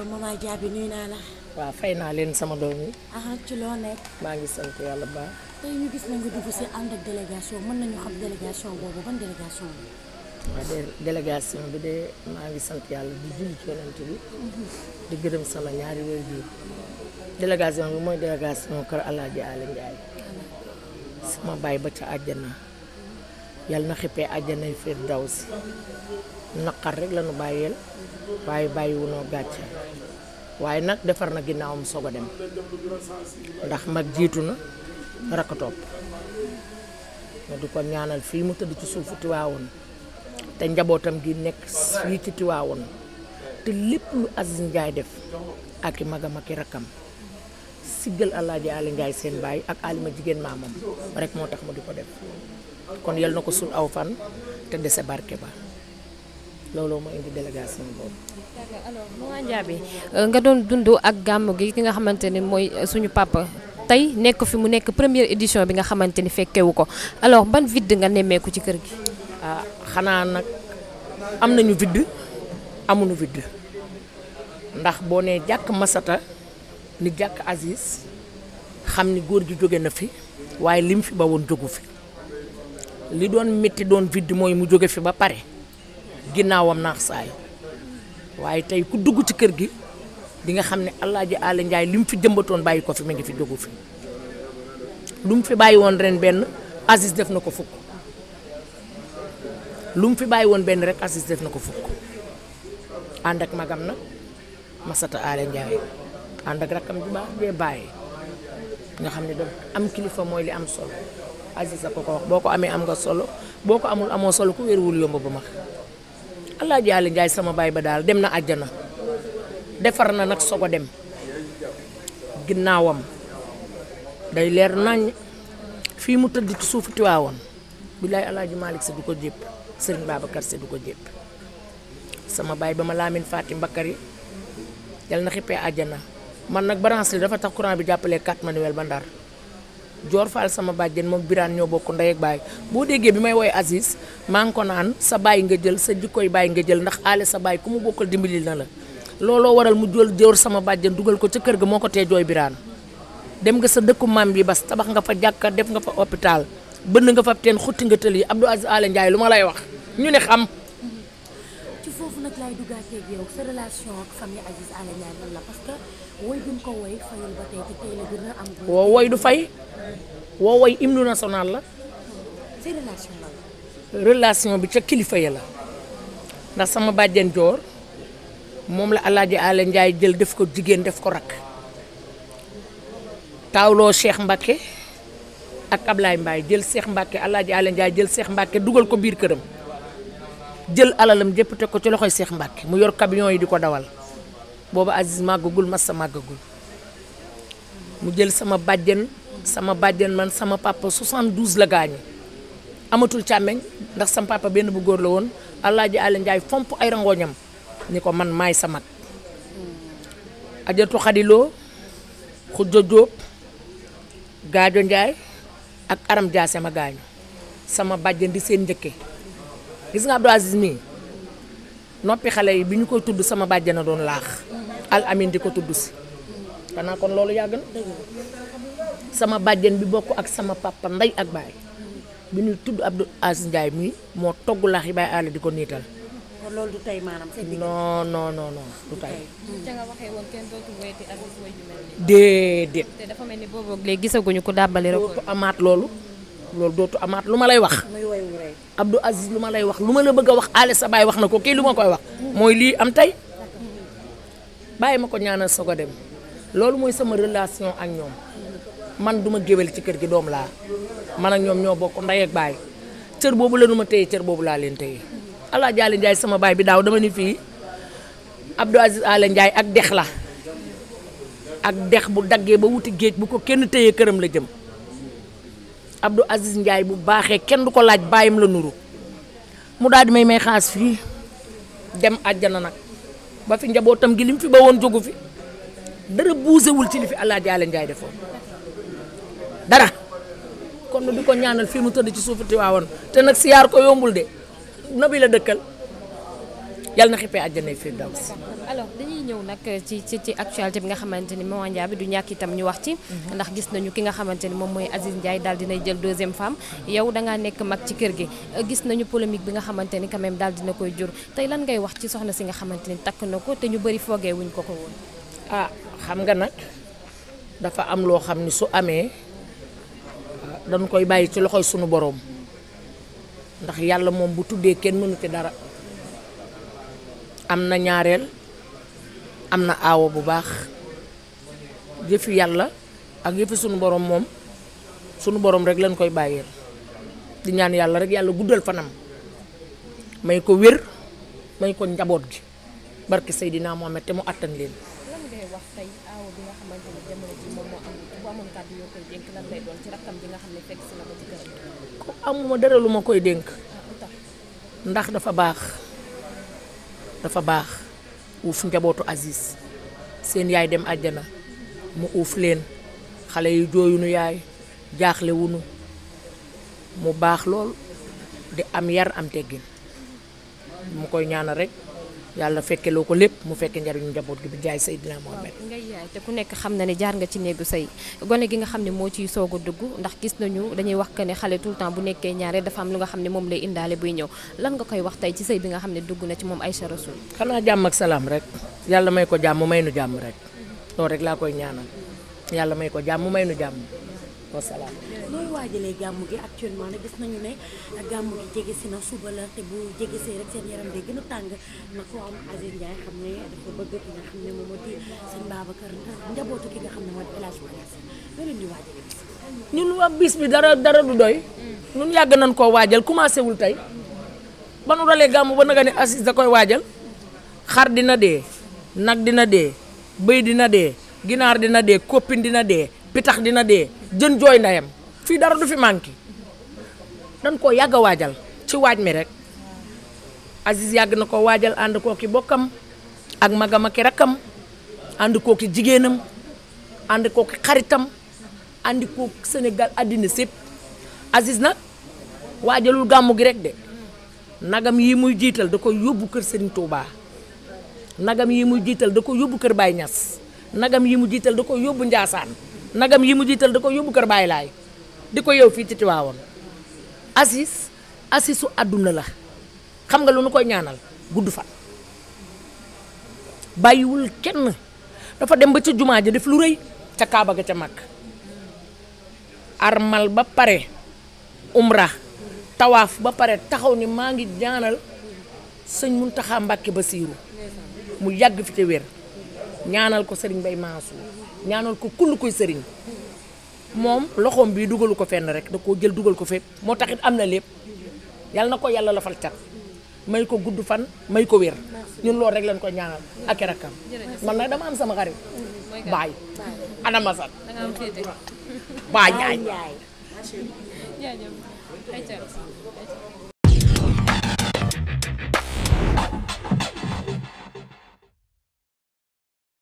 a jaar bi nuyu naa la. waaw fay naa leen sama doom yi. ah ci loo nekk. maa ngi sant yàlla bu baax. tey ñu gis na nga dugg si ànd ak délégation mën nañu xam délégation boobu ban délégation bi. de délégation bi de maa ngi sant yàlla di julli ci yonent bi. Mhm. di gërëm sama ñaari wéy bi délégation bi mooy délégation kër Alaaji Aly Ndiaye. sama baay ba ca àjjana. yal na xippee àjjanay firdawsi naqar rek la nu bàyyeel waaye bàyyi wunoo gàcce waaye nag defar na ginnaawam soog a dem ndax mag jiitu na rakk topp ma di ko ñaanal fii mu tëdd ci suufu Tiwaawoon te njabootam gi nekk fii ci Tiwaawoon te lépp lu Aziz Ndiaye def ak magam ak i rakkam siggal Alaaji Ali Ndiaye seen baay ak alima jigéen maamam rek moo tax mu du ko def kon yal na ko suñ aw fan te dese barke ba looloo moo indi délégation boobu. Euh, nga doon dund ak gàmm gi ki nga xamante ne mooy euh, suñu papa tey nekk fi mu nekk première édition bi nga xamante ni fekkewu ko alors ban vide nga nemmeeku ci kër gi. Ah, xanaa nag am na nañu vide amuñu vide ndax boo nee jàkk Masata ni jàkk Aziz xam ni góor gi jóge na fi waaye lim fi ba woon jógu fi. li doon métti doon vidde mooy mu jóge fi ba pare ginnaawam naax saay waaye tey ku dugg ci kër gi di nga xam ne Alaaji Aali Njaay li mu fi jëmbatoon bàyyi ko fi mu ngi fi jógu fi lu mu fi bàyyi woon ren benn Aziz def na ko fukk lu fi bàyyi woon benn rek Aziz def na ko fukk ànd ak magam na Masata Aali Njaay ànd ak rakkam ju baax bàyyi nga xam ne daf am kilifa mooy li am solo Aziz a ko ko wax boo ko amee am nga solo boo ko amul amoo solo ku wéruwul yomb ba ma Alaaji Ali Njaay sama baay ba daal dem na àjjana defar na nag soog dem ginnaawam day leer nañ fii mu tëdd ci suufu Tiwaawoon billaay Alaaji Malick si du ko jépp Sëriñ Babacar si du ko jépp sama baay ba ma laamin Fatim Bakari yal na xippee àjjana man nag branche li dafa tax courant bi jàppalee 4 manuel ba Ndar Dior Fall sama bàjjan moom biraan ñoo bokk ndey ak baay boo déggee bi may woy Aziz maa ngi ko naan sa baay nga jël sa jikkoy bàyyi nga jël ndax aale sa baay ku mu bokkal dimbali na la looloo waral mu jël Dior sama bàjjan dugal ko ca kër gi moo ko tee jooy biraan dem nga sa dëkku maam bi bas tabax nga fa jàkka def nga fa hôpital bënn nga fa teen xutti nga tël yi Abdou Aziz Aale Ndiaye lu ma lay wax ñu ne xam. foofu nag laay duggaatee ak yow ak famille woo woy du fay woo woy hymne national la relation bi ca kilifa yi la ndax sama bàjjen joor moom la alaaji ale Ndiaye jël def ko jigéen def ko rakk taawloo Cheikh Mbacke ak Ablaye Mbaye jël seex Mbacke alaaji ale Ndiaye jël Cheikh Mbacke dugal ko biir këram jël alalam jëpp teg ko ci loxoy seex Mbacke mu yor camion yi di ko dawal booba Aziz màggagul Massa màggagul mu jël sama bàjjen sama bàjjen man sama papa 72 la gaañu amatul càmmeñ ndax sama papa benn bu góor la woon Alaaji Ala Njaay fomp ay rangooñam ni ko man maay sa mag ajatu xadiloo xujjo jóob gaajo njaay ak aram jaase ma gaañu sama bàjjen di seen njëkke gis nga Abdou Aziz mii noppi xale yi bi ñu koy tudd sama bàjjen a doon laax al amin di ko tudd si xanaa kon loolu yàgg na sama bàjjen bi bokk ak sama papa ndey ak baay bi nu tudd Abdou Aziz Ndiaye mii moo togg laax yi baay àll di ko niital. kon loolu tey maanaam seen non non non non hmm. mel déedéet. te dafa mel ni boobu gisaguñu ko dàbbali rek. dootu amaat loolu. loolu dootu amaat lu ma lay wax. muy woy wu rëy. lu ma lay wax lu ma la bëgg a wax Aly sa baay wax na ko kii lu ma koy wax. Hmm. mooy lii am tey. bàyyi ma ko ñaanal soog a dem loolu mooy sama relation ak ñoom man duma ma géwél ci kër gi doom laa man ak ñoom ñoo bokk ndey ak baay cër boobu la nu ma téye cër boobu laa leen téye allah jaali Ndiaye sama baay bi daaw dama ni fii Abdou Aziz Ala Ndiaye ak dex la ak dex bu daggee ba wuti géej bu ko kenn téye këram la jëm Abdou Aziz njaay bu baaxee kenn du ko laaj bàyyam la nuru mu daal di may may xaas fii dem àjjana nag. ba fi njabootam gi lim fi ba woon jógu fi dara buusewul ci li fi El Hadj Alé Ndiaye defoon dara kon di ko ñaanal fii mu tëdd ci suufu Tiwaawan te nag siyaar ko yombul de nabi la dëkkal. yàlla na xippee àjjanay firdaws alors dañuy ñëw nag ci ci ci actualité bi nga xamante ni Maman Ndiaye du ñàkk ñu wax ci mhm. ndax gis nañu ki nga xamante ni moom mooy Aziz Ndiaye daal dinay jël deuxième femme yow dangaa nekk mag ci kër gi gis nañu polémique bi nga xamante ni quand même daal dina koy jur tey lan ngay wax ci soxna si nga xamante ni takk na ko te ñu bari foogee wuñ ko ko woon ah xam nga nag dafa am loo xam ni su amee dañ koy bàyyi ci loxo sunu boroom ndax yàlla moom bu tuddee kenn mënu ci dara am na ñaareel am na aawo bu baax yëfi yàlla ak yëfi sunu boroom moom sunu boroom rek lañ koy bàyyeel di ñaan yàlla rek yàlla guddal fanam may ko wér may ko njaboot gi barke Seydina Mohamed te mu àttan leen. lan xam ne fekk ko amuma dara lu ma koy dénk. Ah, ndax dafa baax. dafa baax uuf njabootu Aziz seen yaay dem àjjana mu uuf leen xale yi nu yaay jaaxle wunu mu baax lool di am yar am teggin mu koy ñaanal rekk yàlla fekkeloo ko lépp mu fekke njariñu njaboot gi bi jaay Seydina Mohamed ngay yaay ku nekk xam na ne jaar nga ci néegu sëy gone gi nga xam ne moo ciy soog a dugg ndax gis nañu dañuy wax que ne xale tout temps bu nekkee ñaare dafa am lu nga xam ne moom lay indaale buy ñëw lan nga koy wax tey ci sëy bi nga xam ne dugg na ci moom ay Aïcha Rasoul xanaa jàmm ak salaam rek yàlla may ko jàmm may nu jàmm rek mhm. loolu rek laa koy ñaanal yàlla may ko jàmm may nu jàmm wasalaam waajalee gàmmu gi actuellement nag gis nañu ne na suba la gën a tàng am Aziz bi dara dara du doy ñun yàgg nañ koo waajal commencé wul tey ba nu ralee gàmmu ba nga ne Aziz da koy waajal xar dina dee nag dina dee bëy dina dee ginaar dina dee koppin dina dee pitax dina dee jën jooy ndayam fi dara du fi manqué dañ koo yàgg a waajal ci waaj mi rek Aziz yàgg na ko waajal ànd kooki bokkam ak magam ak rakkam ànd kooki jigéenam ànd koo xaritam ànd koo ki Sénégal àddina sépp Aziz na waajalul gàmmu gi rek de nagam yi muy jiital da ko yóbbu kër Serigne Touba nagam yi muy jiital da ko yóbbu kër Baye Niass nagam yi mu jiital da ko yóbbu Ndiassane nagam yi mu jiital da ko yóbbu kër Baye Laay di ko yow fii ci Tiwaawoon Aziz Aziz àdduna la xam nga lu nu koy ñaanal gudd fa bàyyiwul kenn dafa dem ba ca jumaa ja def lu rëy ca Kaaba ga ca mag armal ba pare umra tawaaf ba pare taxaw ni maa ngi ñaanal sëñ Muntaxa Mbàkke Basiiru mu yàgg fi ca wér ñaanal ko sëriñ Bay maasu ñaanal ko kull koy sëriñ moom loxoom bii dugalu ko fenn rek da koo jël dugal ko fépp moo tax it am na lépp yàlla na ko yàlla la fal cat may ko gudd fan may ko wér ñun loolu rek lañ ko ñaanal ak i rakkam man nag dama am sama xarit mm, baay anama sat baay ñaay